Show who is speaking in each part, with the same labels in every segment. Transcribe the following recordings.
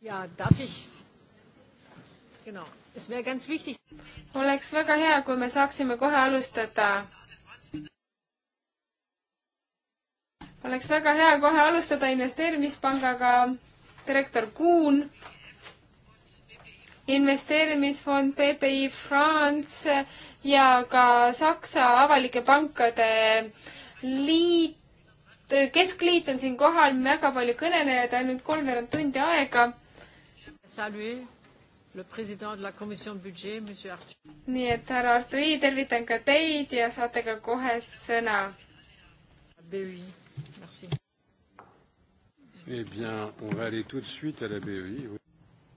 Speaker 1: ja, darf ich? Genau. Es wäre ganz wichtig. oleks väga hea, kui me saaksime kohe alustada. oleks väga hea kohe alustada investeerimispangaga direktor Kuhn, investeerimisfond PPI France ja ka Saksa avalike pankade liit, keskliit on siin kohal, väga palju kõnelejaid, ainult kolmveerand tundi aega
Speaker 2: saluer le président de la commission budget, monsieur Artur.
Speaker 1: nii et härra Artui, tervitan ka teid ja saate ka kohe sõna.
Speaker 3: BÜ, merci.
Speaker 2: Eh bien, on va aller tout de suite à la BÜ. Oui.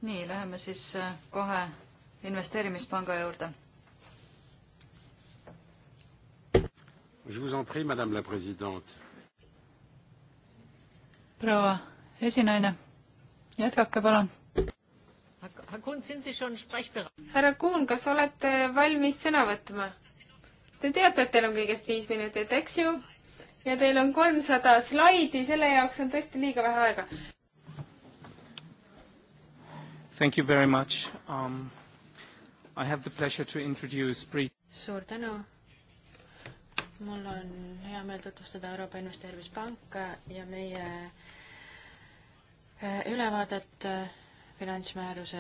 Speaker 3: nii, läheme siis äh, kohe investeerimispanga juurde.
Speaker 2: Je vous en prie, madame la présidente.
Speaker 3: proua esinaine, jätkake palun härra
Speaker 1: Kuhn, kas olete valmis sõna võtma? Te teate, et teil on kõigest viis minutit, eks ju? ja teil on kolmsada slaidi, selle jaoks on tõesti liiga vähe aega. Thank you very much um,. I have the pleasure to introduce Priit.
Speaker 2: suur tänu. mul on hea meel tutvustada Euroopa Investeerimispanka ja meie eh, ülevaadet eh, finantsmääruse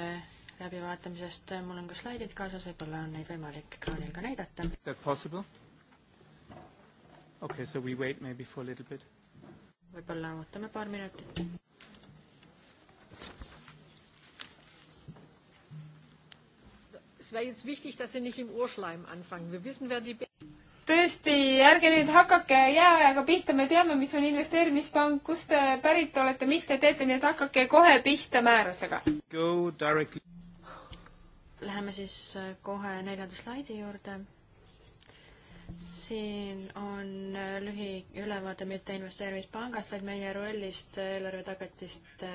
Speaker 2: läbivaatamisest, mul on ka slaidid kaasas, võib-olla on neid võimalik ekraanil ka näidata.
Speaker 1: Is that possible?
Speaker 3: Okay, so we wait maybe for a little bit.
Speaker 2: võib-olla ootame paar minutit. Es wäre jetzt wichtig, dass Sie nicht im Urschleim anfangen. Wir wissen, wer die
Speaker 1: ja ärge nüüd hakake jääaega pihta, me teame, mis on investeerimispank, kust te pärit olete, mis te teete, nii et hakake kohe pihta määrusega.
Speaker 2: Läheme siis äh, kohe neljanda slaidi juurde. siin on äh, lühiülevaade mitte investeerimispangast, vaid meie rollist äh, eelarvetagatiste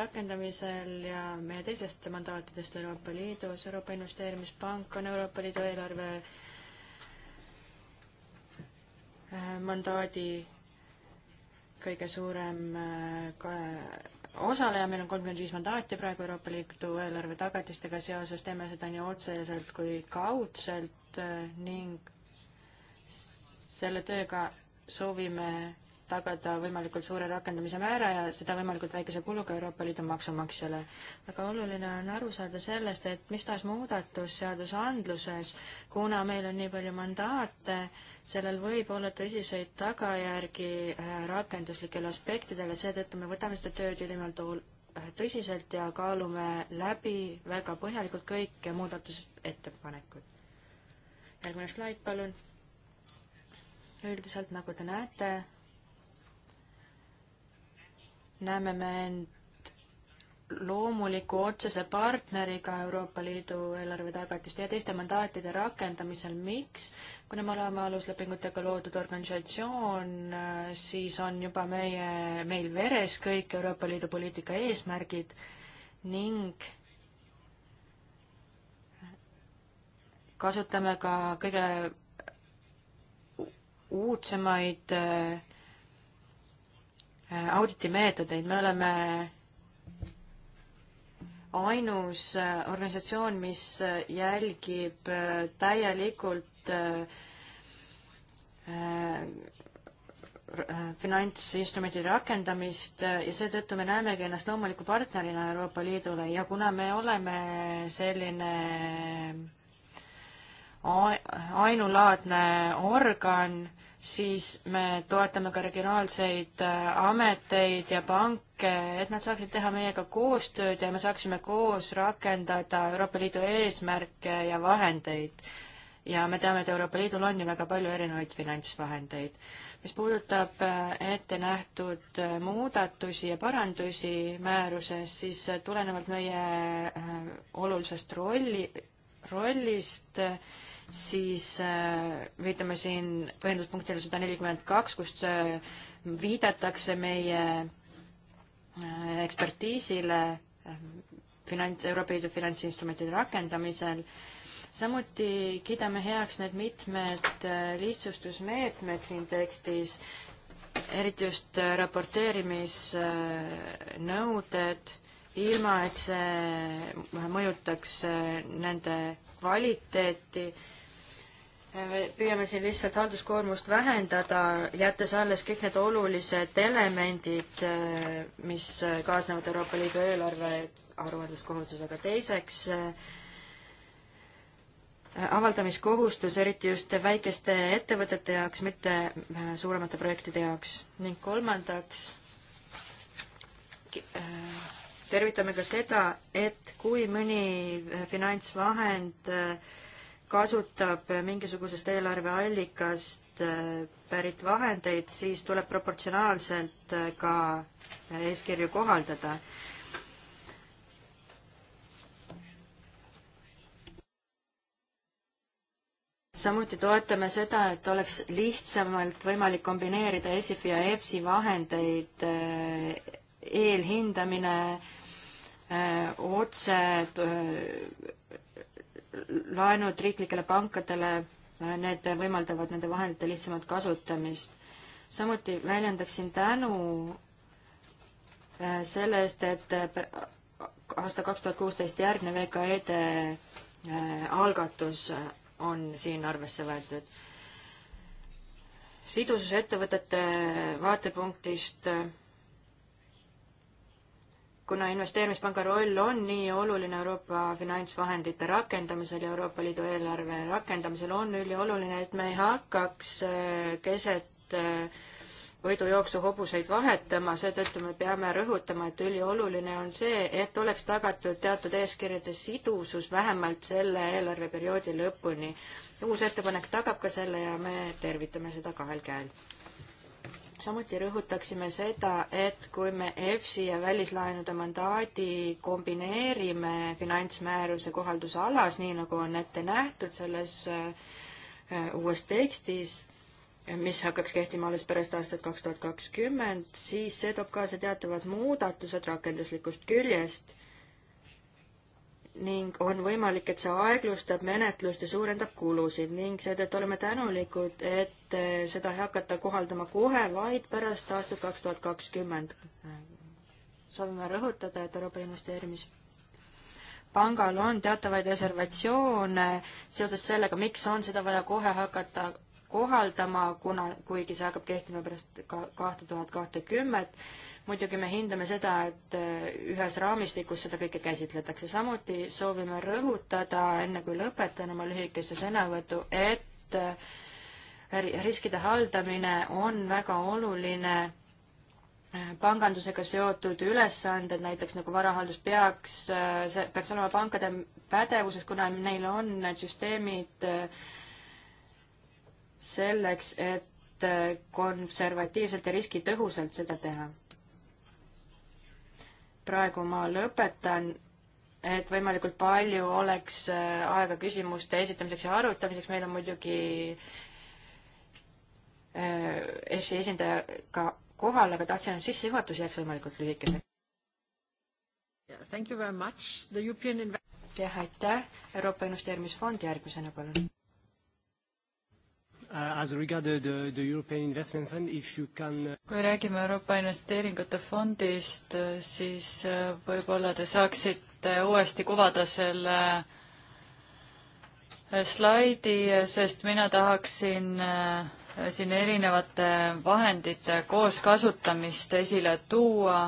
Speaker 2: rakendamisel ja meie teisest mandaatidest Euroopa Liidus. Euroopa Investeerimispank on Euroopa Liidu eelarve Äh, mandaadi kõige suurem äh, osaleja, meil on kolmkümmend viis mandaati praegu Euroopa Liidu eelarve tagatistega seoses, teeme seda nii otseselt kui kaudselt äh, ning selle tööga soovime tagada võimalikult suure rakendamise määra ja seda võimalikult väikese kuluga Euroopa Liidu maksumaksjale. väga oluline on aru saada sellest, et mis tahes muudatus seadusandluses, kuna meil on nii palju mandaate, sellel võib olla tõsiseid tagajärgi äh, rakenduslikele aspektidele, seetõttu me võtame seda tööd ülimalt äh, tõsiselt ja kaalume läbi väga põhjalikult kõik muudatusettepanekud. järgmine slaid, palun üldiselt, nagu te näete, näeme me end loomuliku otsese partneriga Euroopa Liidu eelarvetagatiste ja teiste mandaatide rakendamisel. miks? kuna me oleme aluslepingutega loodud organisatsioon, siis on juba meie, meil veres kõik Euroopa Liidu poliitika eesmärgid ning kasutame ka kõige uudsemaid äh, auditimeetodeid, me oleme ainus äh, organisatsioon, mis äh, jälgib äh, täielikult finantsinstrumentide rakendamist ja seetõttu me näemegi ennast loomuliku partnerina Euroopa Liidule ja kuna me oleme selline ainulaadne organ, siis me toetame ka regionaalseid äh, ameteid ja panke, et nad saaksid teha meiega koostööd ja me saaksime koos rakendada Euroopa Liidu eesmärke ja vahendeid. ja me teame, et Euroopa Liidul on ju väga palju erinevaid finantsvahendeid. mis puudutab äh, ette nähtud äh, muudatusi ja parandusi määruses, siis tulenevalt meie olulisest rolli, rollist äh, siis äh, viitame siin põhjenduspunktile sada nelikümmend kaks, kus äh, viidatakse meie äh, ekspertiisile finants, Euroopa Liidu finantsinstrumentide rakendamisel. samuti kiidame heaks need mitmed lihtsustusmeetmed siin tekstis, eriti just raporteerimisnõuded ilma et see mõjutaks äh, nende kvaliteeti. püüame siin lihtsalt halduskoormust vähendada, jättes alles kõik need olulised elemendid, äh, mis kaasnevad Euroopa Liidu eelarve aruandluskohustusega. teiseks, äh, avaldamiskohustus, eriti just väikeste ettevõtete jaoks, mitte suuremate projektide jaoks. ning kolmandaks, tervitame ka seda, et kui mõni finantsvahend äh, kasutab mingisugusest eelarveallikast äh, pärit vahendeid, siis tuleb proportsionaalselt äh, ka eeskirju kohaldada. samuti toetame seda, et oleks lihtsamalt võimalik kombineerida ESIF ja EFSI vahendeid eelhindamine äh, otse äh, laenud riiklikele pankadele, äh, need võimaldavad nende vahendite lihtsamat kasutamist. samuti väljendaksin tänu selle eest, et aasta kaks tuhat kuusteist järgnev EKE-de e, algatus on siin arvesse võetud. sidusus ettevõtete vaatepunktist kuna investeerimispanga roll on nii oluline Euroopa finantsvahendite rakendamisel ja Euroopa Liidu eelarve rakendamisel, on ülioluline, et me ei hakkaks äh, keset äh, võidujooksu hobuseid vahetama, seetõttu me peame rõhutama, et ülioluline on see, et oleks tagatud teatud eeskirjade sidusus vähemalt selle eelarveperioodi lõpuni. uus ettepanek tagab ka selle ja me tervitame seda kahel käel samuti rõhutaksime seda, et kui me EFSI ja välislaenude mandaadi kombineerime finantsmääruse kohalduse alas, nii nagu on ette nähtud selles äh, uues tekstis, mis hakkaks kehtima alles pärast aastat kaks tuhat kakskümmend, siis see toob kaasa teatavad muudatused rakenduslikust küljest ning on võimalik, et see aeglustab menetlust ja suurendab kulusid ning seetõttu oleme tänulikud, et eh, seda ei hakata kohaldama kohe, vaid pärast aastat kaks tuhat kakskümmend. soovime rõhutada, et Euroopa Investeerimispangal on teatavaid reservatsioone seoses sellega, miks on seda vaja kohe hakata kohaldama, kuna, kuigi see hakkab kehtima pärast ka kahte tuhat kahtekümmet muidugi me hindame seda, et äh, ühes raamistikus seda kõike käsitletakse, samuti soovime rõhutada, enne kui lõpetan oma lühikese sõnavõtu, et äh, riskide haldamine on väga oluline äh, pangandusega seotud ülesanded, näiteks nagu varahaldus peaks, see peaks olema pankade pädevuses, kuna neil on need süsteemid selleks, et konservatiivselt ja riskitõhusalt seda teha praegu ma lõpetan, et võimalikult palju oleks äh, aega küsimuste esitamiseks ja arutamiseks, meil on muidugi EFSi äh, esindaja ka kohal, aga tahtsin, et sissejuhatus jääks võimalikult lühikeseks. Thank you very much, the European Invest- jah, aitäh, Euroopa Investeerimisfond järgmisena, palun.
Speaker 1: Uh, as regard the, the European Investment Fund, if you can uh,
Speaker 3: kui räägime Euroopa Investeeringute Fondist, uh, siis võib-olla te saaksite uuesti kuvada selle slaidi, sest mina tahaksin siin erinevate vahendite kooskasutamist esile tuua.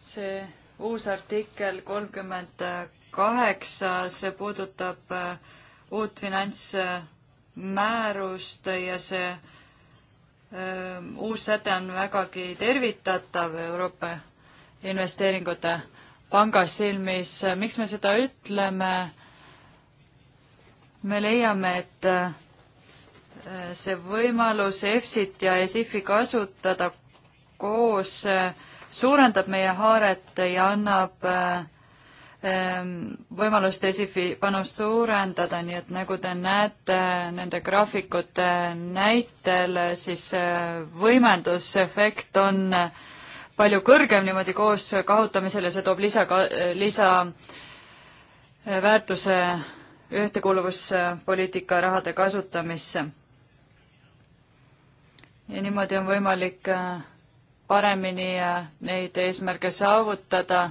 Speaker 3: see uus artikkel kolmkümmend kaheksa, see puudutab uut finants määrust ja see öö, ähm, uus säte on vägagi tervitatav Euroopa investeeringute panga silmis. miks me seda ütleme? me leiame, et äh, see võimalus EFSit ja ESIFi kasutada koos äh, suurendab meie haaret ja annab äh, Ehm, võimalust ESIF-i panust suurendada, nii et nagu te näete nende graafikute näitel, siis eh, võimendusefekt on palju kõrgem niimoodi koos kahutamisel ja see toob lisa, lisa eh, väärtuse ühtekuuluvuspoliitika rahade kasutamisse. ja niimoodi on võimalik eh, paremini neid eesmärke saavutada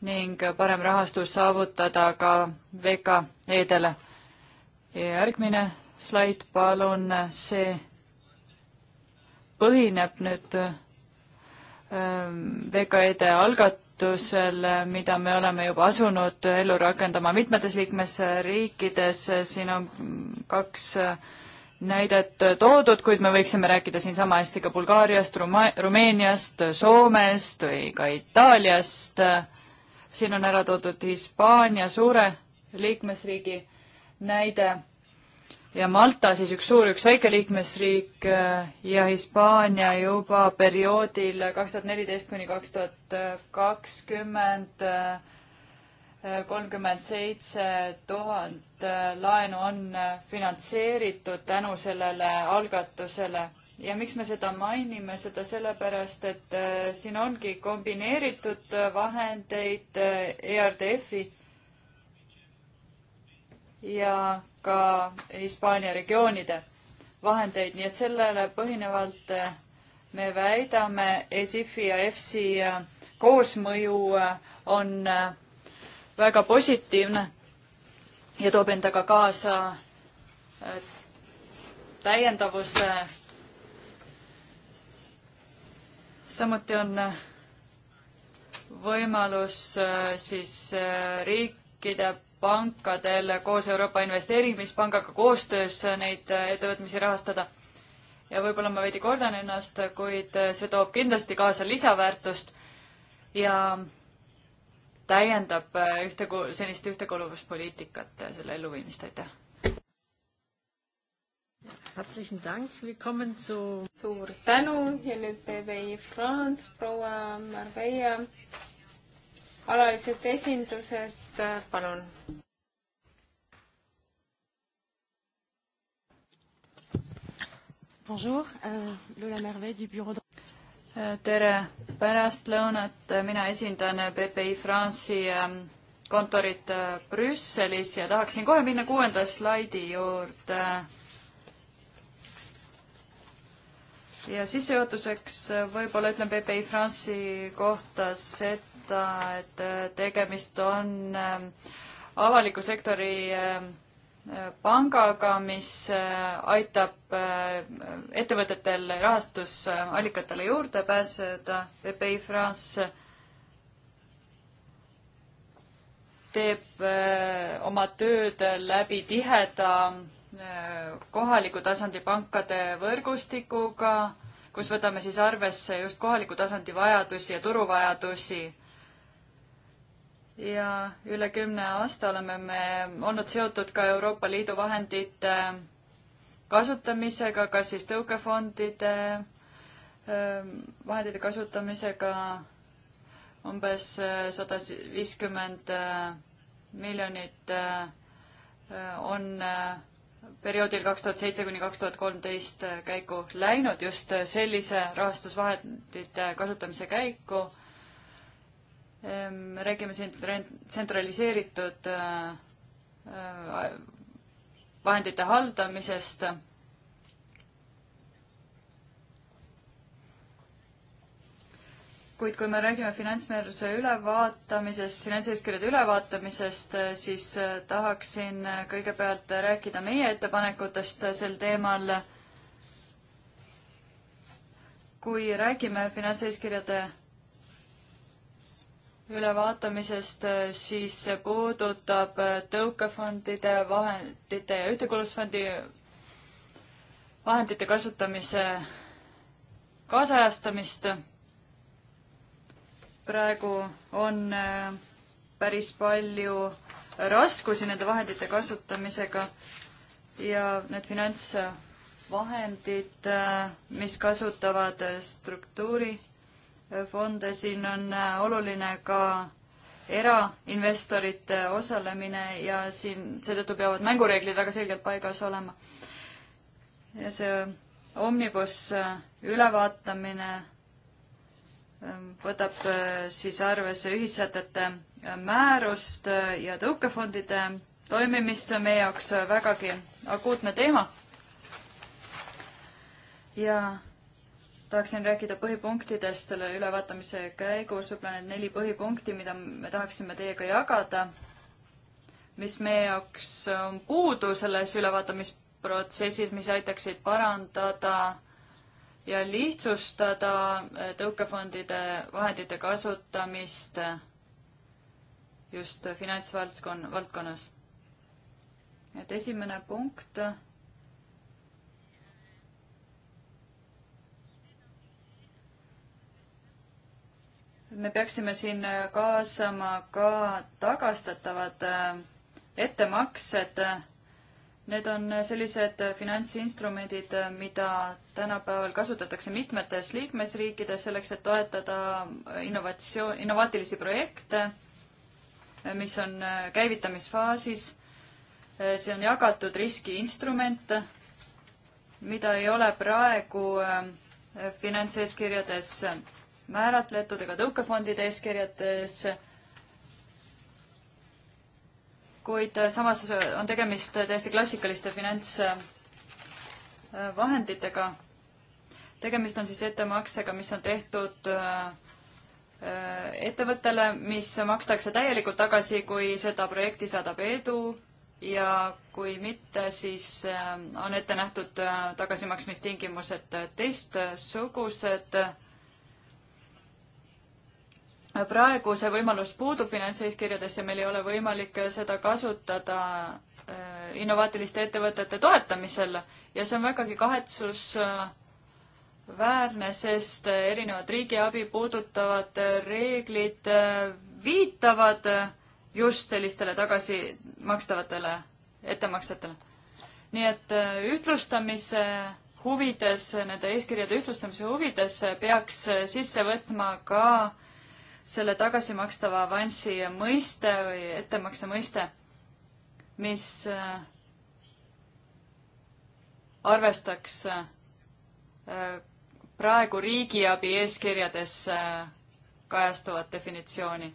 Speaker 3: ning parem rahastus saavutada ka VKE-dele. järgmine slaid, palun, see põhineb nüüd ähm, VKE-de algatusel, mida me oleme juba asunud ellu rakendama mitmetes liikmesriikides, siin on kaks äh, näidet toodud, kuid me võiksime rääkida siinsama hästi ka Bulgaariast, Rumeeniast, Soomest või ka Itaaliast äh, siin on ära toodud Hispaania suure liikmesriigi näide ja Malta siis üks suur, üks väike liikmesriik eh, ja Hispaania juba perioodil kaks tuhat neliteist kuni kaks tuhat kakskümmend eh, eh, kolmkümmend seitse tuhat laenu on finantseeritud tänu sellele algatusele ja miks me seda mainime, seda sellepärast, et äh, siin ongi kombineeritud äh, vahendeid äh, ERDF-i ja ka Hispaania regioonide vahendeid, nii et sellele põhinevalt me väidame ESIF-i ja EFSI koosmõju on väga positiivne ja toob endaga kaasa täiendavuse samuti on äh, võimalus äh, siis äh, riikide pankadel koos Euroopa Investeerimispangaga koostöös neid ettevõtmisi rahastada. ja võib-olla ma veidi kordan ennast, kuid see toob kindlasti kaasa lisaväärtust ja täiendab ühtekuul-, senist ühtekuuluvuspoliitikat, selle elluviimist, aitäh!
Speaker 2: suur
Speaker 1: tänu ja nüüd teeb ei Franz proua Marveia alalisest esindusest, äh, palun.
Speaker 2: Bonjour, euh, Lola Merveille du bureau de... Äh, tere
Speaker 3: pärastlõunat, mina esindan PPI France'i ähm, kontorit äh, Brüsselis ja tahaksin kohe minna kuuenda slaidi juurde ja sissejuhatuseks äh, võib-olla ütlen PPI France'i kohta seda, et äh, tegemist on ähm, avaliku sektori ähm, äh, pangaga, mis aitab ettevõtetel rahastusallikatele juurde pääseda. PPI France teeb oma tööd läbi tiheda kohaliku tasandi pankade võrgustikuga, kus võtame siis arvesse just kohaliku tasandi vajadusi ja turuvajadusi. ja üle kümne aasta oleme me olnud seotud ka Euroopa Liidu vahendite kasutamisega, kas siis tõukefondide ähm, vahendite kasutamisega umbes äh, sada viiskümmend äh, miljonit äh, on perioodil kaks tuhat seitse kuni kaks tuhat kolmteist äh, käiku läinud just äh, sellise rahastusvahendite kasutamise käiku. me ehm, räägime siin tsentraliseeritud äh, vahendite haldamisest kuid kui me räägime finantsmääruse ülevaatamisest, finantseeskirjade ülevaatamisest, siis äh, tahaksin äh, kõigepealt rääkida meie ettepanekutest äh, sel teemal. kui räägime finantseeskirjade ülevaatamisest, siis see puudutab tõukefondide, vahendite ja ühtekuuluvusfondi vahendite kasutamise kaasajastamist praegu on äh, päris palju raskusi nende vahendite kasutamisega ja need finantsvahendid, äh, mis kasutavad äh, struktuurifonde, siin on oluline ka erainvestorite osalemine ja siin seetõttu peavad mängureeglid väga selgelt paigas olema. ja see omnibus ülevaatamine võtab äh, siis arvesse ühissätete äh, määrust äh, ja tõukefondide toimimist, see on meie jaoks vägagi akuutne teema. ja tahaksin rääkida põhipunktidest selle ülevaatamise käigus, võib-olla need neli põhipunkti, mida me tahaksime teiega jagada, mis meie jaoks on puudu selles ülevaatamisprotsessis, mis aitaksid parandada ja lihtsustada eh, tõukefondide vahendite kasutamist eh, just finantsvaldkon-, valdkonnas. et esimene punkt eh, me peaksime siin kaasama ka tagastatavad ettemaksed et Need on sellised finantsinstrumendid, mida tänapäeval kasutatakse mitmetes liikmesriikides selleks, et toetada innovatsioon, innovaatilisi projekte, mis on käivitamisfaasis. see on jagatud riskiinstrument, mida ei ole praegu äh, finantseeskirjades määratletud ega tõukefondide eeskirjades kuid samas on tegemist täiesti klassikaliste finantsvahenditega. tegemist on siis ettemaksega, mis on tehtud äh, ettevõttele, mis makstakse täielikult tagasi, kui seda projekti saadab edu ja kui mitte, siis äh, on ette nähtud äh, tagasimaksmistingimused teistsugused praegu see võimalus puudub finantseeskirjades ja meil ei ole võimalik seda kasutada äh, innovaatiliste ettevõtete toetamisel ja see on vägagi kahetsusväärne, sest erinevad riigiabi puudutavad reeglid äh, viitavad just sellistele tagasimakstavatele ettemaksetele. nii et äh, ühtlustamise huvides, nende eeskirjade ühtlustamise huvides peaks sisse võtma ka äh, selle tagasimakstava avansi mõiste või ettemakse mõiste, mis äh, arvestaks äh, praegu riigiabi eeskirjades äh, kajastuvat definitsiooni.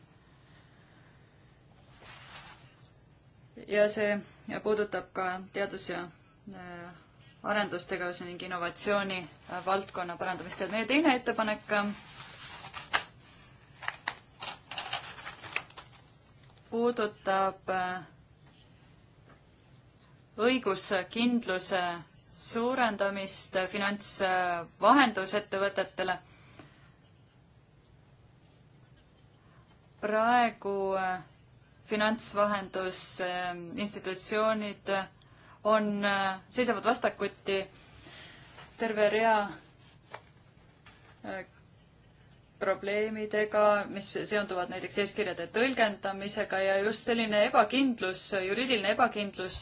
Speaker 3: ja see ja puudutab ka teadus- ja arendustegevuse ning innovatsiooni valdkonna parandamist ja meie teine ettepanek puudutab äh, õiguskindluse suurendamist äh, finantsvahendusettevõtetele. praegu äh, finantsvahendusinstitutsioonid on, seisavad vastakuti terve rea probleemidega, mis seonduvad näiteks eeskirjade tõlgendamisega ja just selline ebakindlus, juriidiline ebakindlus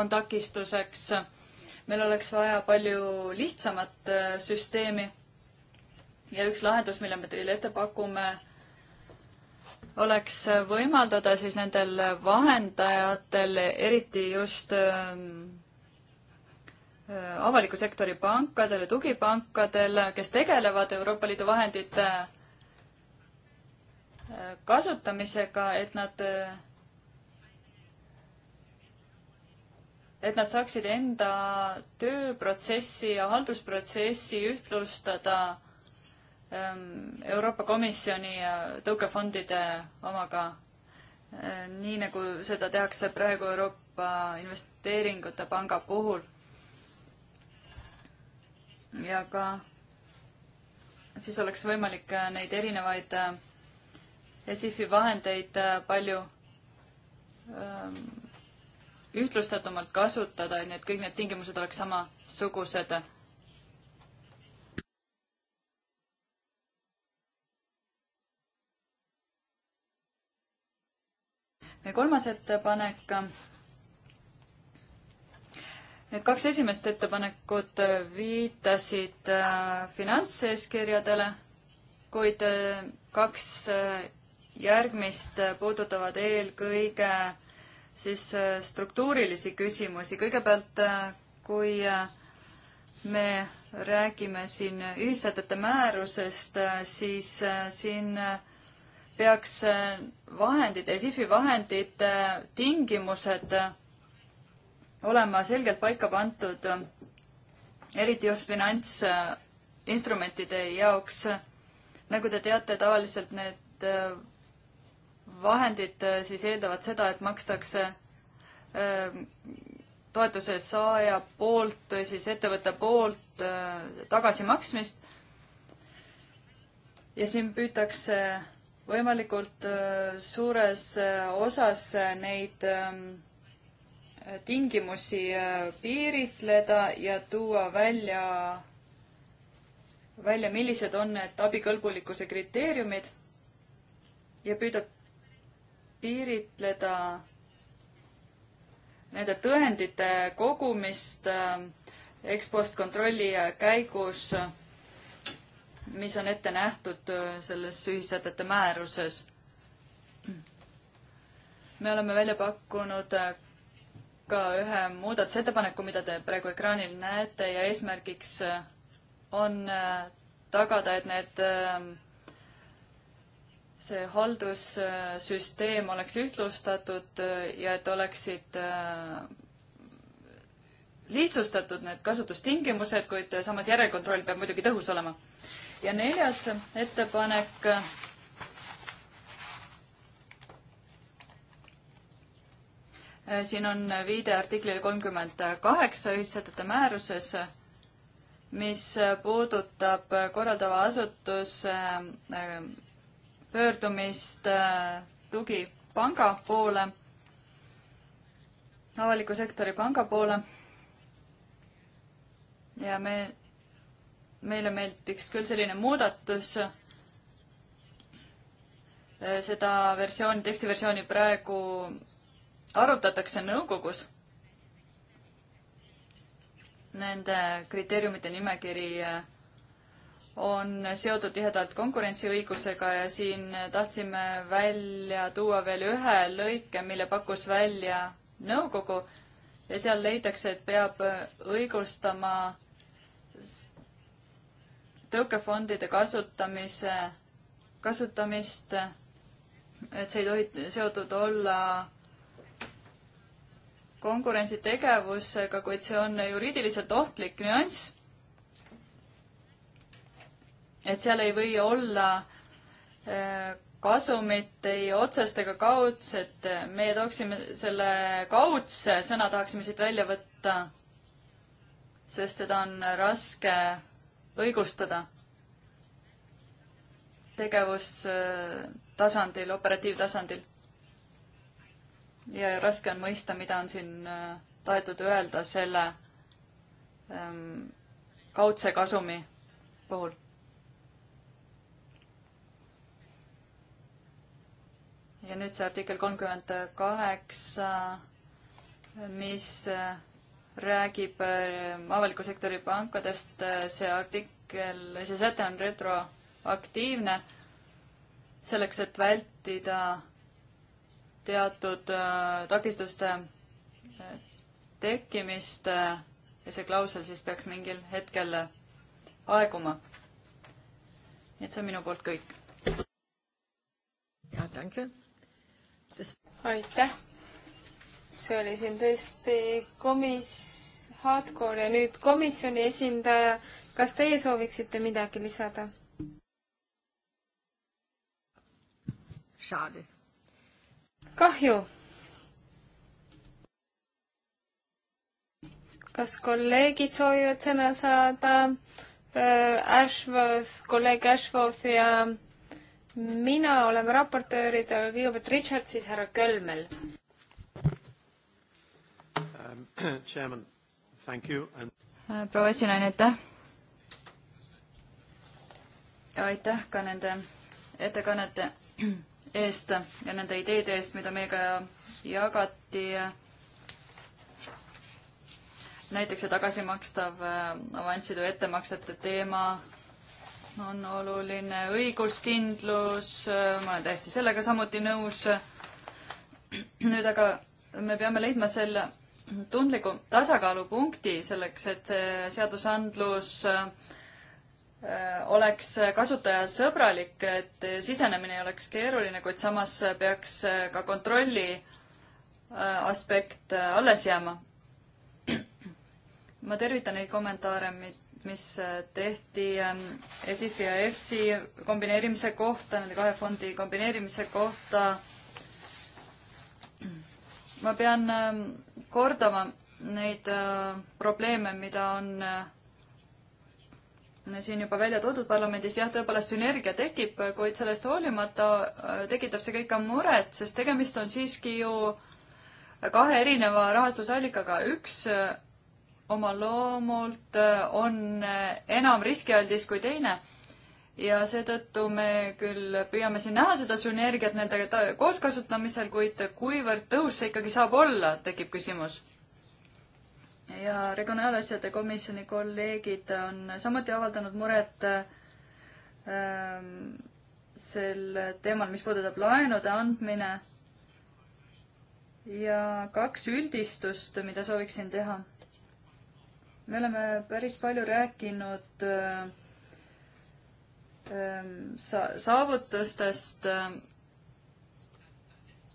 Speaker 3: on takistuseks. meil oleks vaja palju lihtsamat äh, süsteemi. ja üks lahendus, mille me teile ette pakume, oleks võimaldada siis nendel vahendajatel, eriti just ähm, Äh, avaliku sektori pankadele, tugipankadele, kes tegelevad Euroopa Liidu vahendite äh, kasutamisega, et nad, äh, et nad saaksid enda tööprotsessi ja haldusprotsessi ühtlustada ähm, Euroopa Komisjoni tõukefondide omaga, nii nagu seda tehakse praegu Euroopa Investeeringute Panga puhul ja ka siis oleks võimalik äh, neid erinevaid ESIF-i äh, vahendeid äh, palju ähm, ühtlustatumalt kasutada, nii et kõik need tingimused oleks samasugused. meie kolmas ettepanek Need kaks esimest ettepanekut viitasid äh, finantseeskirjadele, kuid äh, kaks äh, järgmist puudutavad eelkõige siis struktuurilisi küsimusi. kõigepealt, kui me räägime siin ühissätete määrusest, siis siin peaks vahendid, ESIF-i vahendite tingimused olema selgelt paika pandud, eriti just finantsinstrumentide jaoks. nagu te teate, tavaliselt need äh, vahendid äh, siis eeldavad seda, et makstakse äh, toetuse saaja poolt või siis ettevõtte poolt tagasimaksmist. ja siin püütakse võimalikult suures osas neid ähm, tingimusi äh, piiritleda ja tuua välja, välja, millised on need abikõlbulikkuse kriteeriumid ja püüda piiritleda nende tõendite kogumist äh, ekspost kontrolli äh, käigus, mis on ette nähtud selles ühissätete määruses. me oleme välja pakkunud ka ühe muudatusettepaneku, mida te praegu ekraanil näete ja eesmärgiks äh, on äh, tagada, et need, äh, see haldussüsteem oleks ühtlustatud ja et oleksid lihtsustatud need kasutustingimused, kuid samas järelkontroll peab muidugi tõhus olema. ja neljas ettepanek Äh, siin on viide artiklile kolmkümmend kaheksa ühissätete määruses, mis puudutab korraldava asutuse äh, pöördumist äh, tugipanga poole, avaliku sektori panga poole. ja me, meile meeldiks küll selline muudatus seda versiooni, tekstiversiooni praegu arutatakse nõukogus. Nende kriteeriumite nimekiri eh, on seotud tihedalt konkurentsiõigusega ja siin tahtsime välja tuua veel ühe lõike, mille pakkus välja nõukogu ja seal leitakse, et peab õigustama tõukefondide kasutamise, kasutamist, et see ei tohi seotud olla konkurentsitegevusega, kuid see on juriidiliselt ohtlik nüanss. et seal ei või olla äh, kasumit ei otsest ega kaudset, meie tooksime selle kaudse sõna tahaksime siit välja võtta, sest seda on raske õigustada tegevustasandil, äh, operatiivtasandil ja raske on mõista, mida on siin äh, tahetud öelda selle ähm, kaudse kasumi puhul. ja nüüd see artikkel kolmkümmend kaheksa, mis äh, räägib äh, avaliku sektori pankadest, see artikkel, see säte on retroaktiivne selleks, et vältida teatud äh, takistuste äh, tekkimist äh, ja see klausel siis peaks mingil hetkel aeguma. nii et see on minu poolt kõik.
Speaker 2: ja tänke.
Speaker 1: aitäh. see oli siin tõesti komis-, hardcore ja nüüd komisjoni esindaja. kas teie sooviksite midagi lisada? Schade kahju. kas kolleegid soovivad sõna saada? Äh, Ashworth, kolleeg Ashworth ja mina oleme raportöörid, aga kõigepealt Richard, siis härra Kölmel um,. And... Äh,
Speaker 3: proua esinaine, aitäh. ja aitäh ka nende ettekannete eest ja nende ideede eest, mida meiega jagati. näiteks see tagasimakstav äh, avansside või ettemaksete teema on oluline, õiguskindlus, äh, ma olen täiesti sellega samuti nõus. nüüd aga me peame leidma selle tundliku tasakaalupunkti selleks, et see seadusandlus äh, Äh, oleks kasutajasõbralik, et sisenemine ei oleks keeruline, kuid samas peaks äh, ka kontrolli äh, aspekt alles jääma. ma tervitan neid kommentaare, mis tehti ähm, ESIF-i ja EFSI kombineerimise kohta, nende kahe fondi kombineerimise kohta. ma pean ähm, kordama neid probleeme, mida on siin juba välja toodud parlamendis, jah, tõepoolest sünergia tekib, kuid sellest hoolimata äh, tekitab see kõik ka muret, sest tegemist on siiski ju kahe erineva rahastusallikaga. üks äh, oma loomult äh, on enam riskialdis kui teine ja seetõttu me küll püüame siin näha seda sünergiat nendega kooskasutamisel, kuid kuivõrd tõhus see ikkagi saab olla, tekib küsimus ja Regionaalasjade Komisjoni kolleegid on samuti avaldanud muret ähm, sel teemal, mis puudutab laenude andmine ja kaks üldistust, mida sooviksin teha. me oleme päris palju rääkinud äh, sa-, saavutustest äh,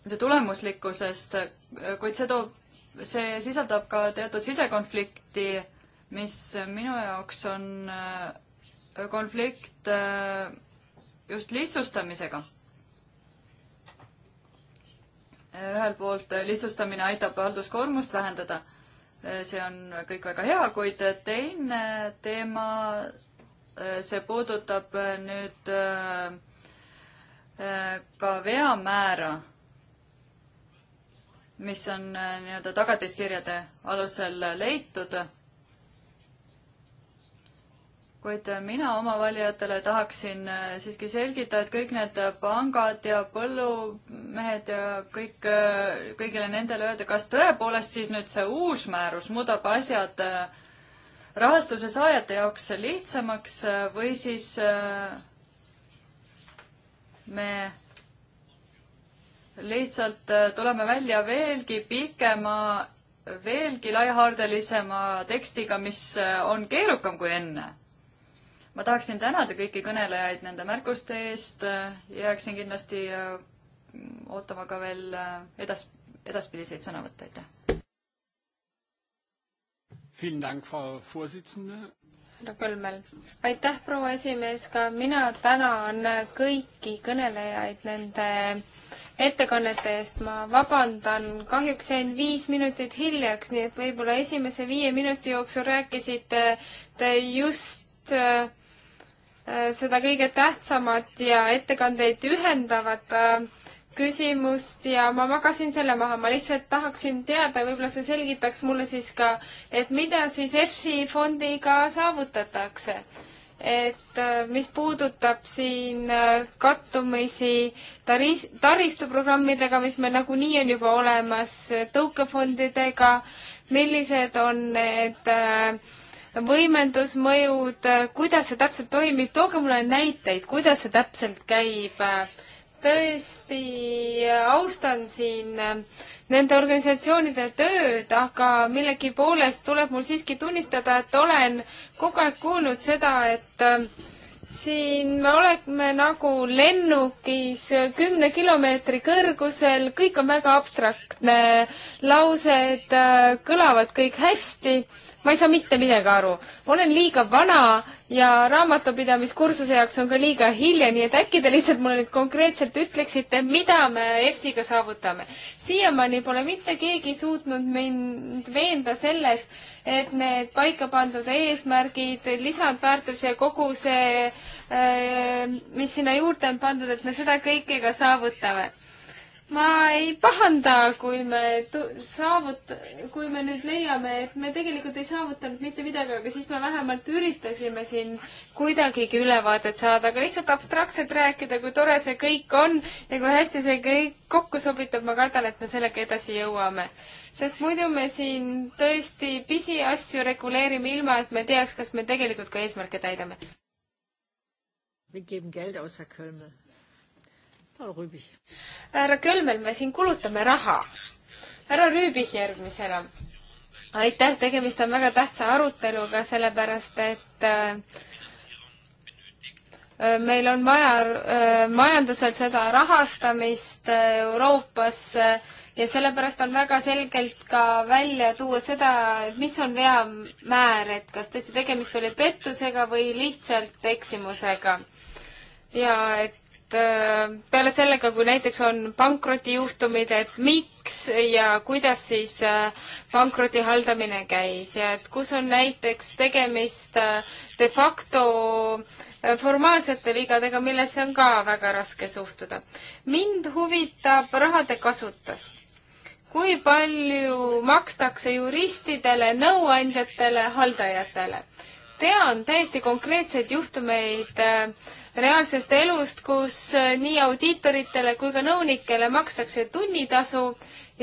Speaker 3: ja tulemuslikkusest, kuid see toob see sisaldab ka teatud sisekonflikti, mis minu jaoks on äh, konflikt äh, just lihtsustamisega. ühelt poolt lihtsustamine aitab halduskoormust vähendada, äh, see on kõik väga hea, kuid teine teema, see puudutab nüüd ka veamäära mis on äh, nii-öelda tagatiskirjade alusel leitud. kuid äh, mina oma valijatele tahaksin äh, siiski selgida, et kõik need pangad ja põllumehed ja kõik, kõigile nendele öelda, kas tõepoolest siis nüüd see uus määrus muudab asjad rahastuse saajate jaoks lihtsamaks või siis me lihtsalt äh, tuleme välja veelgi pikema, veelgi laiahaardelisema tekstiga, mis äh, on keerukam kui enne. ma tahaksin tänada kõiki kõnelejaid nende märkuste eest, äh, jääksin kindlasti ootama ka veel edas, edaspidiseid sõnavõtte, aitäh.
Speaker 1: Vielen Dank, Frau Vorsitzende
Speaker 3: härra Põlmel. aitäh, proua esimees,
Speaker 1: ka mina tänan kõiki kõnelejaid nende ettekannete eest, ma vabandan, kahjuks jäin viis minutit hiljaks, nii et võib-olla esimese viie minuti jooksul rääkisite te just äh, seda kõige tähtsamat ja ettekandeid ühendavat äh, küsimust ja ma magasin selle maha, ma lihtsalt tahaksin teada, võib-olla sa selgitaks mulle siis ka, et mida siis EFSI fondiga saavutatakse et äh, mis puudutab siin äh, kattumisi taris-, taristuprogrammidega, mis meil nagunii on juba olemas, tõukefondidega, millised on need äh, võimendusmõjud, kuidas see täpselt toimib, tooge mulle näiteid, kuidas see täpselt käib. tõesti austan siin äh, nende organisatsioonide tööd, aga millegipoolest tuleb mul siiski tunnistada, et olen kogu aeg kuulnud seda, et ähm, siin me oleme nagu lennukis kümne kilomeetri kõrgusel, kõik on väga abstraktne, laused äh, kõlavad kõik hästi, ma ei saa mitte midagi aru. olen liiga vana ja raamatupidamiskursuse jaoks on ka liiga hilja, nii et äkki te lihtsalt mulle nüüd konkreetselt ütleksite, mida me EFSiga saavutame. siiamaani pole mitte keegi suutnud mind veenda selles, et need paika pandud eesmärgid, lisandväärtus ja kogu see, äh, mis sinna juurde on pandud, et me seda kõike ka saavutame ma ei pahanda, kui me saavut-, kui me nüüd leiame, et me tegelikult ei saavutanud mitte midagi, aga siis me vähemalt üritasime siin kuidagigi ülevaadet saada, aga lihtsalt abstraktselt rääkida, kui tore see kõik on ja kui hästi see kõik kokku sobitub, ma kardan, et me sellega edasi jõuame. sest muidu me siin tõesti pisiasju reguleerime ilma, et me teaks, kas me tegelikult ka eesmärke täidame.
Speaker 2: me geben Geld aus, Herr Kölmel
Speaker 1: härra Kölmel, me siin kulutame raha. härra Rüübich järgmisena. aitäh, tegemist on väga tähtsa aruteluga, sellepärast et äh, meil on vaja äh, majandusel seda rahastamist äh, Euroopas ja sellepärast on väga selgelt ka välja tuua seda, mis on veamäär, et kas tõesti tegemist oli pettusega või lihtsalt eksimusega. ja et Äh, peale sellega, kui näiteks on pankrotijuhtumid, et miks ja kuidas siis äh, pankroti haldamine käis ja et kus on näiteks tegemist äh, de facto formaalsete vigadega, millesse on ka väga raske suhtuda. mind huvitab rahade kasutus. kui palju makstakse juristidele, nõuandjatele, haldajatele? tean täiesti konkreetseid juhtumeid äh, reaalsest elust, kus äh, nii audiitoritele kui ka nõunikele makstakse tunnitasu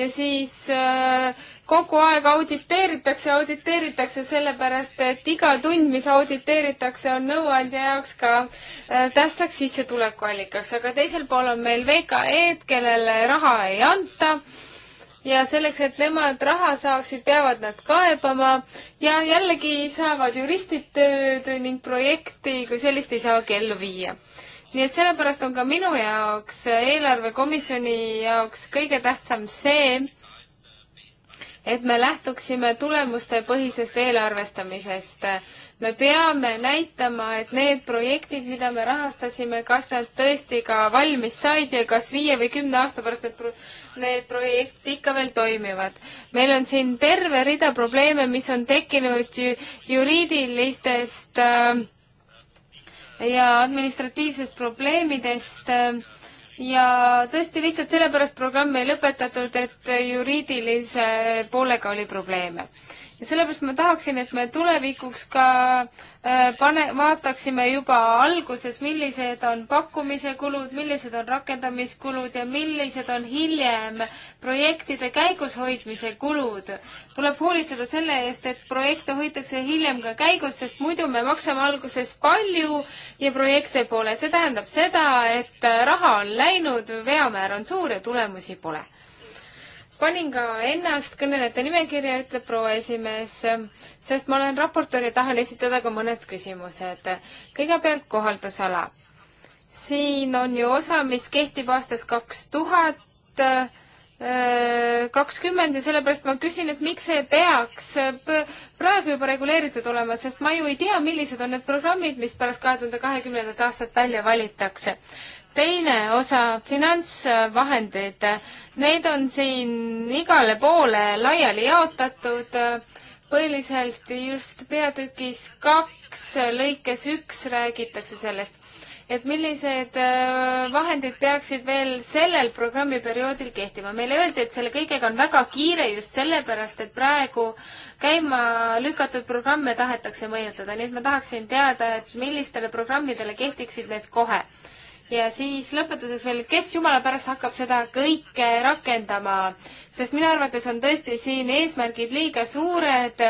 Speaker 1: ja siis äh, kogu aeg auditeeritakse, auditeeritakse sellepärast, et iga tund, mis auditeeritakse, on nõuandja jaoks ka äh, tähtsaks sissetulekuallikaks, aga teisel pool on meil VKE-d, kellele raha ei anta ja selleks, et nemad raha saaksid, peavad nad kaebama ja jällegi saavad juristid tööd ning projekti kui sellist ei saagi ellu viia nii et sellepärast on ka minu jaoks, eelarvekomisjoni jaoks kõige tähtsam see, et me lähtuksime tulemustepõhisest eelarvestamisest me peame näitama, et need projektid, mida me rahastasime, kas nad tõesti ka valmis said ja kas viie või kümne aasta pärast need pro-, need projektid ikka veel toimivad. meil on siin terve rida probleeme, mis on tekkinud ju juriidilistest äh, ja administratiivsest probleemidest äh, ja tõesti lihtsalt sellepärast programmi ei lõpetatud, et juriidilise poolega oli probleeme ja sellepärast ma tahaksin, et me tulevikuks ka äh, pane, vaataksime juba alguses, millised on pakkumise kulud, millised on rakendamiskulud ja millised on hiljem projektide käigus hoidmise kulud. tuleb hoolitseda selle eest, et projekte hoitakse hiljem ka käigus, sest muidu me maksame alguses palju ja projekte pole. see tähendab seda, et raha on läinud, veamäär on suur ja tulemusi pole panin ka ennast kõnelejate nimekirja, ütleb proua esimees, sest ma olen raportöör ja tahan esitada ka mõned küsimused. kõigepealt kohaldusala. siin on ju osa, mis kehtib aastast kaks tuhat äh, kakskümmend ja sellepärast ma küsin, et miks see peaks praegu juba reguleeritud olema, sest ma ju ei tea, millised on need programmid, mis pärast kahe tuhande kahekümnendat aastat välja valitakse teine osa, finantsvahendid, need on siin igale poole laiali jaotatud, põhiliselt just peatükis kaks lõikes üks räägitakse sellest, et millised äh, vahendid peaksid veel sellel programmiperioodil kehtima. meile öeldi, et selle kõigega on väga kiire just sellepärast, et praegu käima lükatud programme tahetakse mõjutada, nii et ma tahaksin teada, et millistele programmidele kehtiksid need kohe ja siis lõpetuseks veel, kes jumala pärast hakkab seda kõike rakendama, sest minu arvates on tõesti siin eesmärgid liiga suured.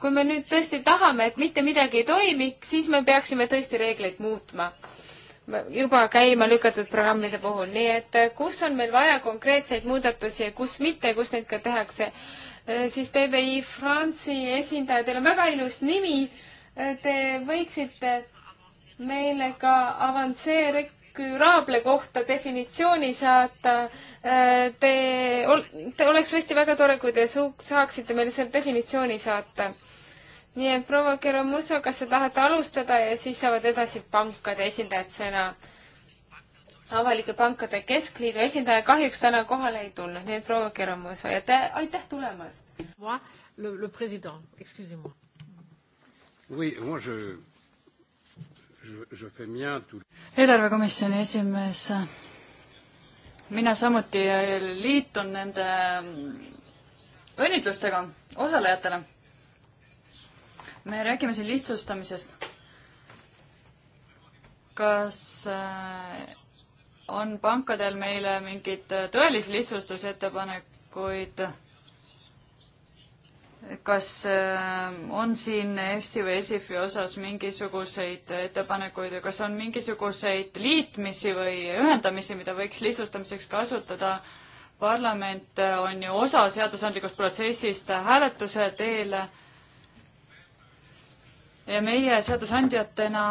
Speaker 1: kui me nüüd tõesti tahame, et mitte midagi ei toimi, siis me peaksime tõesti reegleid muutma juba käima lükatud programmide puhul, nii et eh, kus on meil vaja konkreetseid muudatusi ja kus mitte, kus neid ka tehakse, eh, siis PBI France'i esindaja, teil on väga ilus nimi, eh, te võiksite meile ka avansee küüraable kohta definitsiooni saata. Äh, te, te oleks tõesti väga tore, kui te saaksite meile selle definitsiooni saata. nii et proua Keramuso, kas te tahate alustada ja siis saavad edasi pankade esindajad sõna? avalike pankade keskliidu esindaja kahjuks täna kohale ei tulnud, nii et proua Keramuso ja te, aitäh tulemast. Le, le président,
Speaker 3: excusez-moi.
Speaker 2: Oui, moi je
Speaker 3: eelarvekomisjoni esimees, mina samuti liitun nende õnnitlustega osalejatele. me räägime siin lihtsustamisest. kas äh, on pankadel meile mingeid tõelisi lihtsustusettepanekuid? kas äh, on siin EFSi või ESIFi osas mingisuguseid ettepanekuid ja kas on mingisuguseid liitmisi või ühendamisi, mida võiks lihtsustamiseks kasutada? parlament on ju osa seadusandlikust protsessist hääletuse teel. ja meie seadusandjatena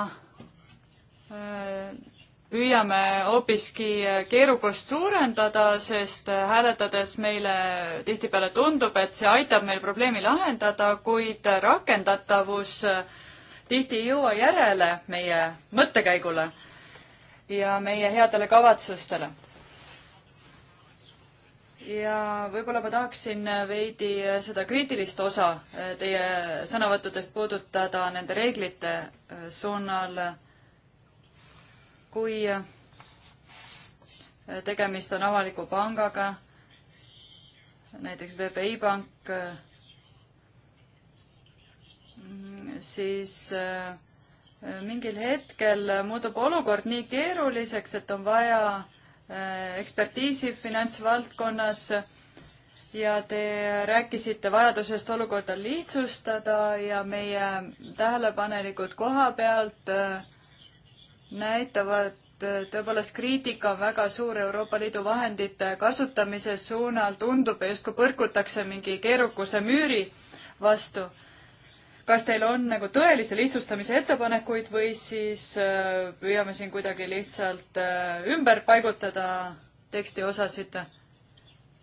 Speaker 3: äh, püüame hoopiski keerukust suurendada, sest hääletades meile tihtipeale tundub, et see aitab meil probleemi lahendada, kuid rakendatavus tihti ei jõua järele meie mõttekäigule ja meie headele kavatsustele. ja võib-olla ma tahaksin veidi seda kriitilist osa teie sõnavõttudest puudutada nende reeglite suunal kui äh, tegemist on avaliku pangaga, näiteks BPI pank, äh, siis äh, mingil hetkel muutub olukord nii keeruliseks, et on vaja ekspertiisi finantsvaldkonnas ja te rääkisite vajadusest olukorda lihtsustada ja meie tähelepanelikud koha pealt äh, näitavad tõepoolest kriitika on väga suur Euroopa Liidu vahendite kasutamise suunal, tundub justkui põrkutakse mingi keerukuse müüri vastu. kas teil on nagu tõelise lihtsustamise ettepanekuid või siis äh, püüame siin kuidagi lihtsalt äh, ümber paigutada tekstiosasid?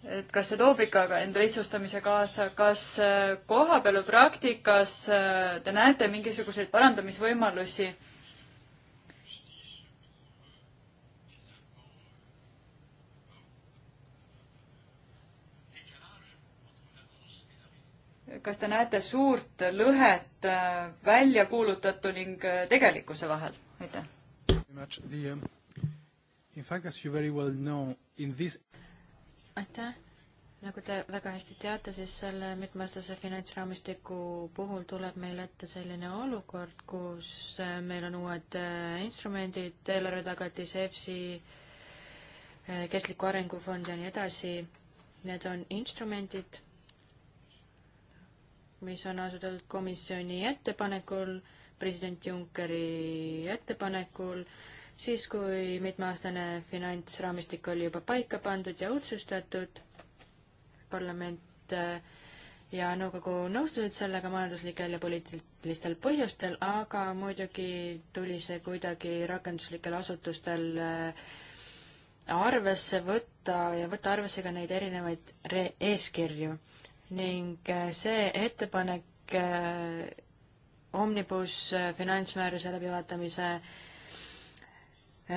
Speaker 3: et kas see toob ikka enda lihtsustamise kaasa, kas äh, kohapeal või praktikas äh, te näete mingisuguseid parandamisvõimalusi? kas te näete suurt lõhet äh, väljakuulutatu ning äh, tegelikkuse vahel? aitäh!
Speaker 2: aitäh! nagu te väga hästi teate, siis selle mitmeaastase finantsraamistiku puhul tuleb meil ette selline olukord, kus äh, meil on uued instrumendid, eelarvetagatis, EFSI, Kestliku Arengu Fond ja nii edasi. Need on instrumendid mis on asutatud komisjoni ettepanekul, president Junckeri ettepanekul, siis kui mitmeaastane finantsraamistik oli juba paika pandud ja otsustatud, parlament äh, ja nõukogu nõustusid sellega majanduslikel ja poliitilistel põhjustel, aga muidugi tuli see kuidagi rakenduslikel asutustel äh, arvesse võtta ja võtta arvesse ka neid erinevaid eeskirju ning äh, see ettepanek äh, Omnibus äh, finantsmääruse läbivaatamise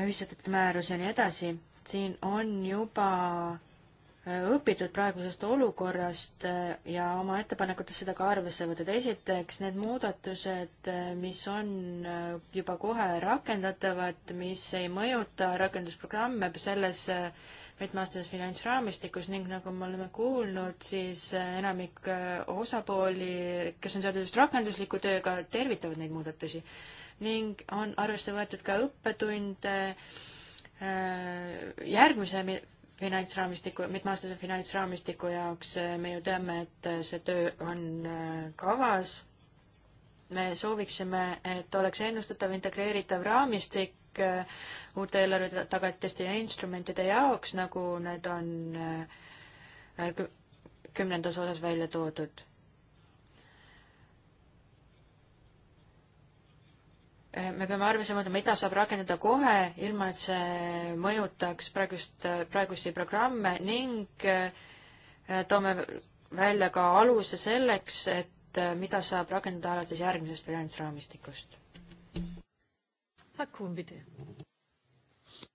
Speaker 2: ühissätete määrus ja nii edasi, siin on juba õpitud praegusest olukorrast äh, ja oma ettepanekutes seda ka arvesse võtad. esiteks need muudatused, äh, mis on äh, juba kohe rakendatavad, mis ei mõjuta rakendusprogramme selles mitmeaastases finantsraamistikus ning nagu me oleme kuulnud, siis enamik osapooli, kes on seotud just rakendusliku tööga, tervitavad neid muudatusi ning on arvesse võetud ka õppetunde järgmise finantsraamistiku, mitmeaastase finantsraamistiku jaoks äh, me ju teame, et äh, see töö on äh, kavas. me sooviksime, et oleks ennustatav integreeritav raamistik uute eelarvetagatiste ja instrumentide jaoks, nagu need on kümnendas osas välja toodud Eh, me peame arvesse mõtlema, mida saab rakendada kohe, ilma et see mõjutaks praegust, praegusi programme ning eh, toome välja ka aluse selleks, et eh, mida saab rakendada alates järgmisest finantsraamistikust.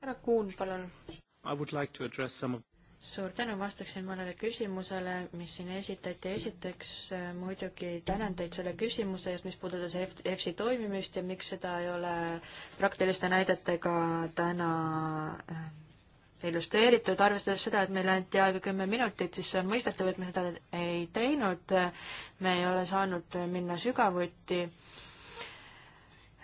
Speaker 2: härra Kuhn, palun.
Speaker 1: Like of
Speaker 2: suur tänu, vastaksin mõnele küsimusele, mis siin esitati. esiteks äh, muidugi tänan teid selle küsimuse eest, mis puudutas EFSi toimimist ja miks seda ei ole praktiliste näidetega täna äh, illustreeritud, arvestades seda, et meile anti aega kümme minutit, siis see on mõistetav, et me seda ei teinud. me ei ole saanud minna sügavuti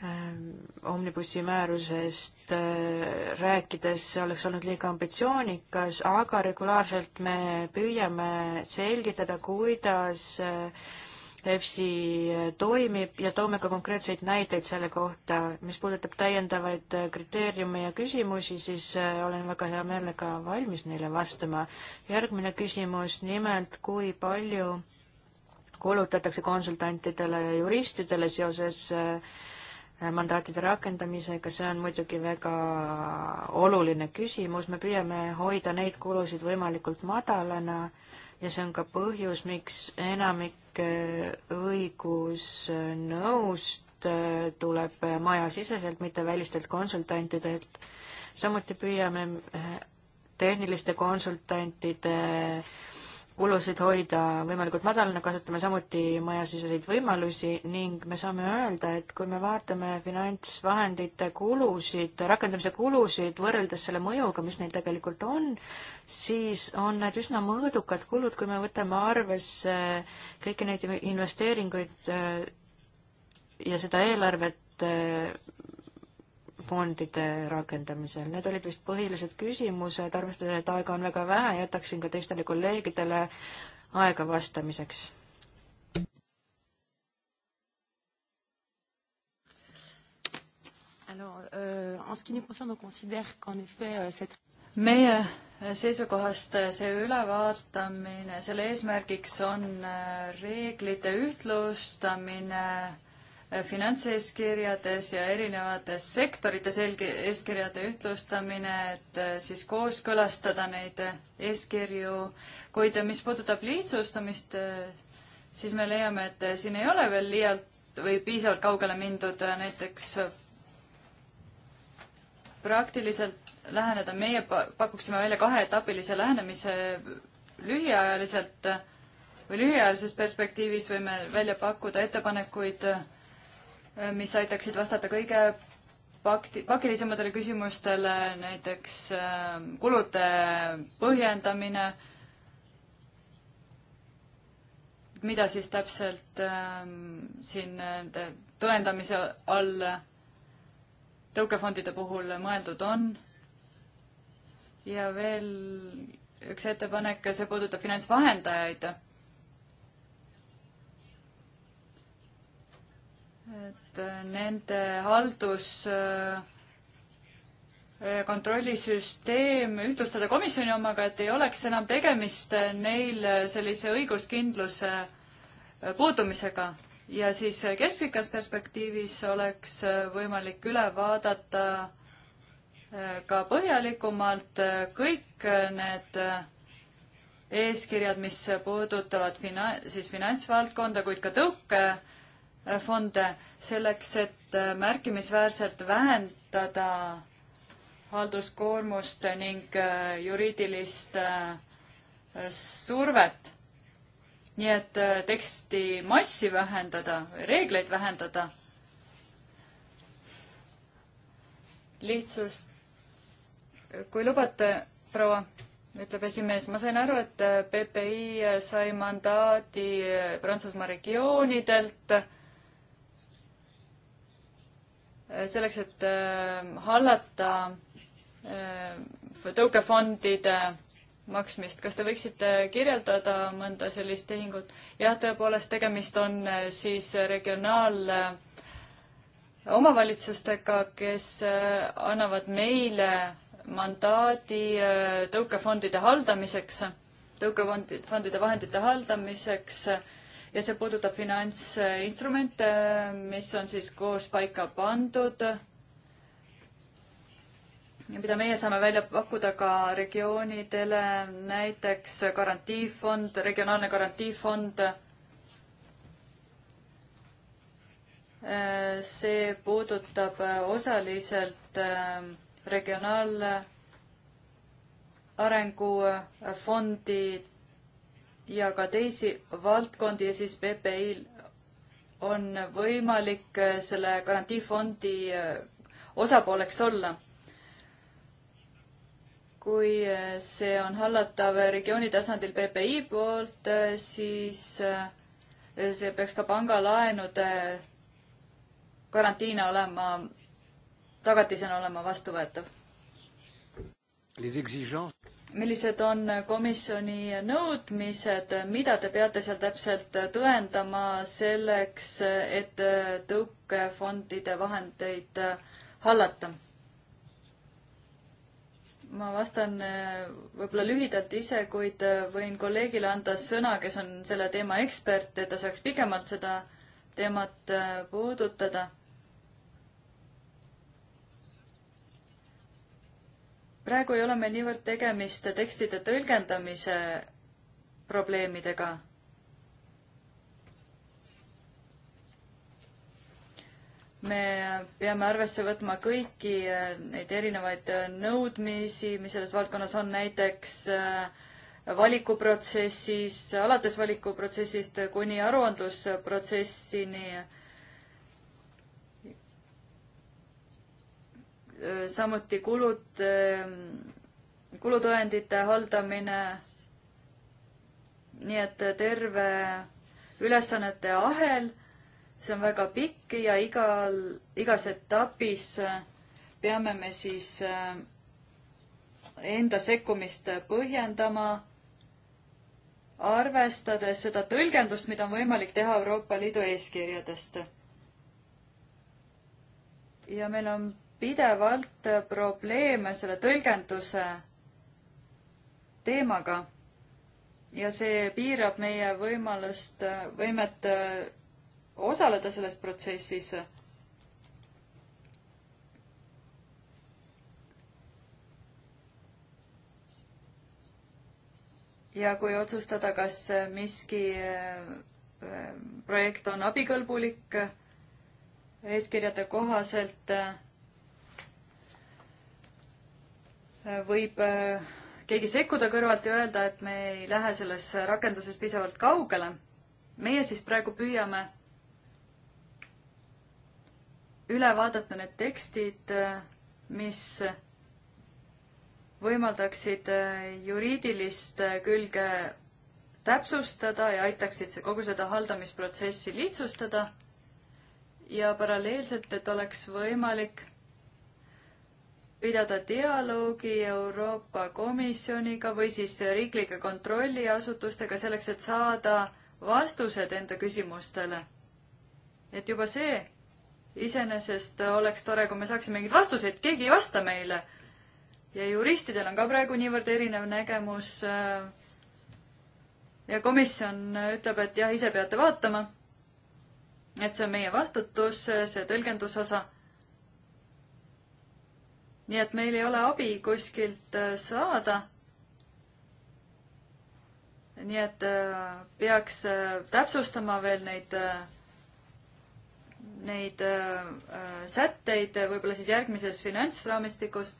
Speaker 2: Ähm, omnibussi määrusest äh, rääkides oleks olnud liiga ambitsioonikas, aga regulaarselt me püüame selgitada, kuidas äh, EFSI äh, toimib ja toome ka konkreetseid näiteid selle kohta. mis puudutab täiendavaid kriteeriume ja küsimusi, siis olen väga hea meelega valmis neile vastama. järgmine küsimus, nimelt kui palju kulutatakse konsultantidele ja juristidele seoses äh, mandaatide rakendamisega, see on muidugi väga oluline küsimus, me püüame hoida neid kulusid võimalikult madalana ja see on ka põhjus, miks enamik äh, õigusnõust äh, äh, tuleb majasiseselt, mitte välistelt konsultantidelt. samuti püüame tehniliste konsultantide kulusid hoida võimalikult madalana, kasutame samuti majasiseseid võimalusi ning me saame öelda, et kui me vaatame finantsvahendite kulusid, rakendamise kulusid võrreldes selle mõjuga, mis neil tegelikult on, siis on need üsna mõõdukad kulud, kui me võtame arvesse kõiki neid investeeringuid äh, ja seda eelarvet, äh, fondide rakendamisel. Need olid vist põhilised küsimused, arvestades, et aega on väga vähe, jätaksin ka teistele kolleegidele aega vastamiseks. Euh, euh, meie seisukohast euh, see
Speaker 3: ülevaatamine, selle eesmärgiks on reeglite ühtlustamine finantseeskirjades ja erinevates sektorites eeskirjade ühtlustamine, et äh, siis kooskõlastada neid äh, eeskirju, kuid äh, mis puudutab lihtsustamist, siis me leiame, et siin ei ole veel liialt või piisavalt kaugele mindud, näiteks praktiliselt läheneda, meie pakuksime välja kaheetapilise lähenemise lühiajaliselt või lühiajalises perspektiivis võime välja pakkuda ettepanekuid äh, mis aitaksid vastata kõige pakti-, pakilisematele küsimustele, näiteks ähm, kulude põhjendamine, mida siis täpselt ähm, siin nende tõendamise all tõukefondide puhul mõeldud on. ja veel üks ettepanek, see puudutab finantsvahendajaid et äh, nende haldus äh, kontrollisüsteem ühtlustada komisjoni omaga, et ei oleks enam tegemist äh, neil sellise õiguskindluse puudumisega ja siis keskpikas perspektiivis oleks võimalik üle vaadata ka põhjalikumalt kõik need eeskirjad, mis puudutavad fina-, siis finantsvaldkonda, kuid ka tõuke fonde selleks, et märkimisväärselt vähendada halduskoormust ning äh, juriidilist äh, survet. nii et äh, teksti massi vähendada, reegleid vähendada. lihtsus, kui lubate, proua, ütleb esimees, ma sain aru, et PPI sai mandaadi Prantsusmaa regioonidelt selleks, et äh, hallata äh, tõukefondide maksmist, kas te võiksite kirjeldada mõnda sellist tehingut? jah, tõepoolest, tegemist on äh, siis regionaal omavalitsustega, kes annavad meile mandaadi tõukefondide haldamiseks, tõukefondide vahendite haldamiseks ja see puudutab finantsinstrumente, mis on siis koos paika pandud ja mida meie saame välja pakkuda ka regioonidele, näiteks garantiifond, regionaalne garantiifond. see puudutab osaliselt regionaalarengufondi ja ka teisi valdkondi ja siis PPI-l on võimalik äh, selle garantiifondi äh, osapooleks olla. kui äh, see on hallatav regiooni tasandil PPI poolt, siis see peaks ka pangalaenude garantiina olema, tagatisena olema vastuvõetav millised on komisjoni nõudmised, mida te peate seal täpselt tõendama selleks, et tõukefondide vahendeid hallata? ma vastan eh, võib-olla lühidalt ise, kuid eh, võin kolleegile anda sõna, kes on selle teema ekspert, et ta saaks pikemalt seda teemat eh, puudutada praegu ei ole meil niivõrd tegemist tekstide tõlgendamise probleemidega. me peame arvesse võtma kõiki äh, neid erinevaid äh, nõudmisi, mis selles valdkonnas on, näiteks äh, valikuprotsessis, alates valikuprotsessist kuni aruandlusprotsessini samuti kulud, kulutõendite haldamine. nii et terve ülesannete ahel, see on väga pikk ja igal, igas etapis peame me siis enda sekkumist põhjendama arvestades seda tõlgendust, mida on võimalik teha Euroopa Liidu eeskirjadest. ja meil on pidevalt probleeme selle tõlgenduse teemaga ja see piirab meie võimalust, võimet osaleda selles protsessis. ja kui otsustada, kas miski äh, projekt on abikõlbulik eeskirjade kohaselt võib äh, keegi sekkuda kõrvalt ja öelda, et me ei lähe selles rakenduses piisavalt kaugele. meie siis praegu püüame üle vaadata need tekstid, äh, mis võimaldaksid äh, juriidilist külge täpsustada ja aitaksid kogu seda haldamisprotsessi lihtsustada ja paralleelselt, et oleks võimalik pidada dialoogi Euroopa Komisjoniga või siis riiklike kontrolliasutustega selleks, et saada vastused enda küsimustele. et juba see iseenesest oleks tore, kui me saaksime mingeid vastuseid, keegi ei vasta meile. ja juristidel on ka praegu niivõrd erinev nägemus. ja komisjon ütleb, et jah, ise peate vaatama. et see on meie vastutus, see tõlgendusosa nii et meil ei ole abi kuskilt äh, saada. nii et äh, peaks äh, täpsustama veel neid, neid sätteid võib-olla siis järgmises finantsraamistikus.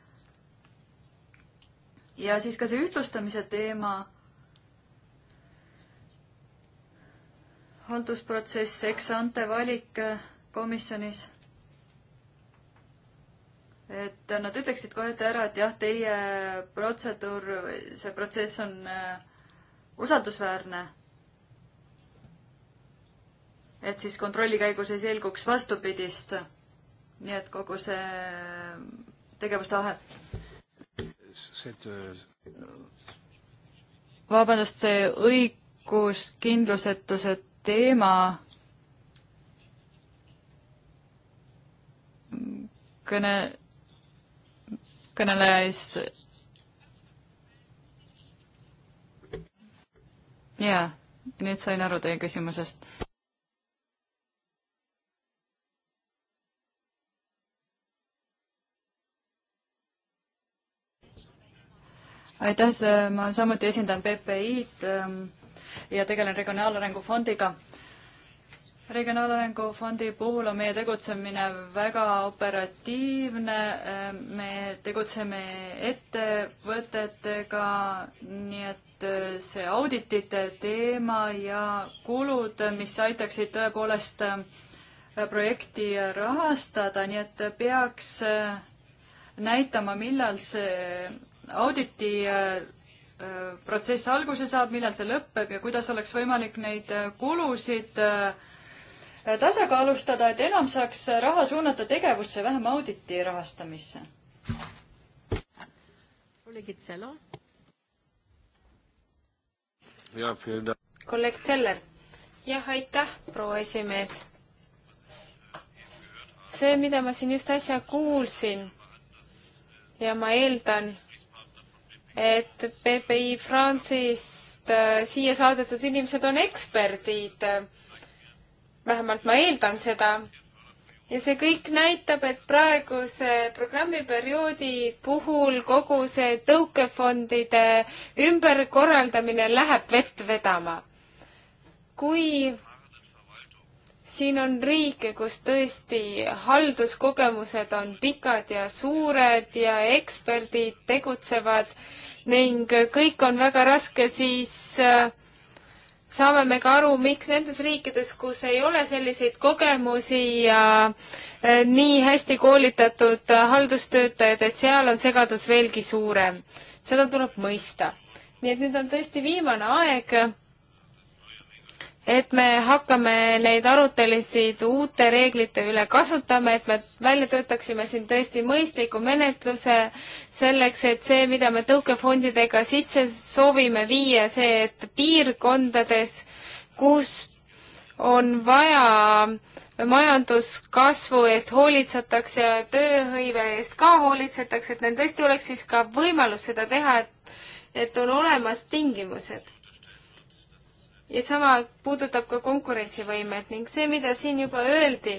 Speaker 3: ja siis ka see ühtlustamise teema haldusprotsess, eks ante valik komisjonis et nad ütleksid kohe ära, et jah, teie protseduur, see protsess on äh, usaldusväärne. et siis kontrolli käigus ei selguks vastupidist. nii et kogu see tegevuste ahe.
Speaker 2: Äh,
Speaker 3: vabandust, see õiguskindlusetuse teema kõne kõneleja siis. jaa, nüüd sain aru teie küsimusest. aitäh, ma samuti esindan PPI-d ähm, ja tegelen Regionaalarengu Fondiga regionaalarengu fondi puhul on meie tegutsemine väga operatiivne, me tegutseme ettevõtetega, nii et see auditite teema ja kulud, mis aitaksid tõepoolest projekti rahastada, nii et peaks näitama, millal see auditi äh, protsess alguse saab, millal see lõpeb ja kuidas oleks võimalik neid äh, kulusid äh, Äh, tasakaalustada, et enam saaks raha suunata tegevusse, vähem auditi rahastamisse. kolleeg
Speaker 1: Zeller. jah, aitäh, proua esimees. see, mida ma siin just äsja kuulsin ja ma eeldan, et PPI France'ist äh, siia saadetud inimesed on eksperdid äh, vähemalt ma eeldan seda. ja see kõik näitab, et praeguse programmiperioodi puhul kogu see tõukefondide ümberkorraldamine läheb vett vedama. kui siin on riike, kus tõesti halduskogemused on pikad ja suured ja eksperdid tegutsevad ning kõik on väga raske siis äh, saame me ka aru, miks nendes riikides, kus ei ole selliseid kogemusi ja eh, nii hästi koolitatud eh, haldustöötajad, et seal on segadus veelgi suurem. seda tuleb mõista. nii et nüüd on tõesti viimane aeg et me hakkame neid arutelusid uute reeglite üle kasutama, et me välja töötaksime siin tõesti mõistliku menetluse selleks, et see, mida me tõukefondidega sisse soovime viia, see, et piirkondades, kus on vaja majanduskasvu eest hoolitsetakse ja tööhõive eest ka hoolitsetakse, et neil tõesti oleks siis ka võimalus seda teha, et, et on olemas tingimused ja sama puudutab ka konkurentsivõimet ning see, mida siin juba öeldi,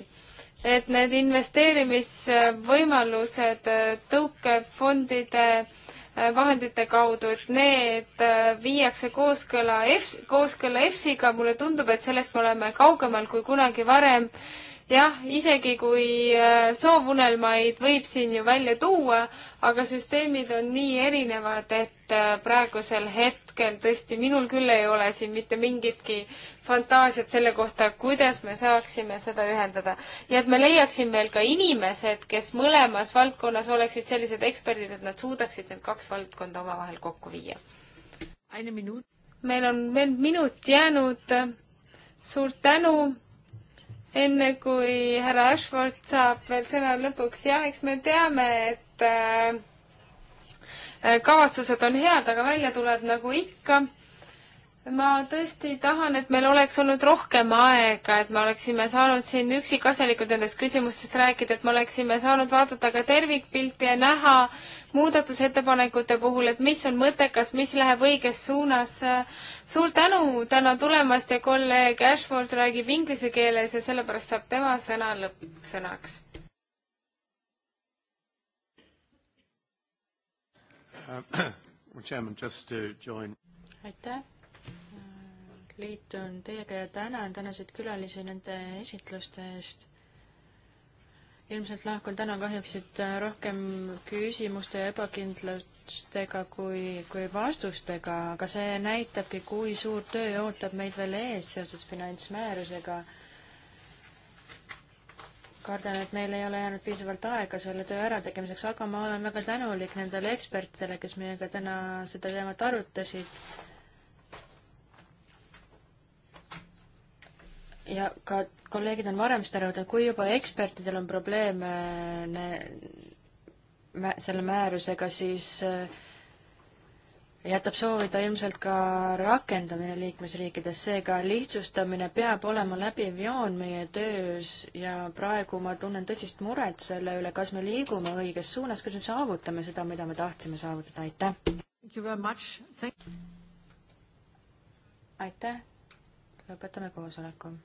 Speaker 1: et need investeerimisvõimalused äh, tõukefondide äh, vahendite kaudu, et need äh, viiakse kooskõla EFS, kooskõlla EFSiga, mulle tundub, et sellest me oleme kaugemal kui kunagi varem. jah, isegi kui soovunelmaid võib siin ju välja tuua, aga süsteemid on nii erinevad, et äh, praegusel hetkel tõesti minul küll ei ole siin mitte mingitki fantaasiat selle kohta, kuidas me saaksime seda ühendada. ja et me leiaksime veel ka inimesed, kes mõlemas valdkonnas oleksid sellised eksperdid, et nad suudaksid need kaks valdkonda omavahel kokku viia. meil on veel minut jäänud. suur tänu enne kui härra Ashford saab veel sõna lõpuks, jah, eks me teame, et Äh, kavatsused on head, aga välja tuleb nagu ikka. ma tõesti tahan, et meil oleks olnud rohkem aega, et me oleksime saanud siin üksikasjalikult nendest küsimustest rääkida, et me oleksime saanud vaadata ka tervikpilti ja näha muudatusettepanekute puhul, et mis on mõttekas, mis läheb õiges suunas. suur tänu täna tulemast ja kolleeg Ashford räägib inglise keeles ja sellepärast saab tema sõna lõppsõnaks
Speaker 2: Uh, aitäh, liitun teiega ja tänan tänaseid külalisi nende esitluste eest. ilmselt lahkun täna kahjuks siit rohkem küsimuste ja ebakindlustega kui, kui vastustega, aga see näitabki, kui suur töö ootab meid veel ees seoses finantsmäärusega kardan, et meil ei ole jäänud piisavalt aega selle töö ärategemiseks, aga ma olen väga tänulik nendele ekspertidele, kes meiega täna seda teemat arutasid. ja ka kolleegid on varem seda rõhutanud, kui juba ekspertidel on probleeme selle määrusega, siis äh, jätab soovida ilmselt ka rakendamine liikmesriikides, seega lihtsustamine peab olema läbiv joon meie töös ja praegu ma tunnen tõsist muret selle üle, kas me liigume õiges suunas, kas me saavutame seda, mida me tahtsime saavutada, aitäh! aitäh, lõpetame koosoleku.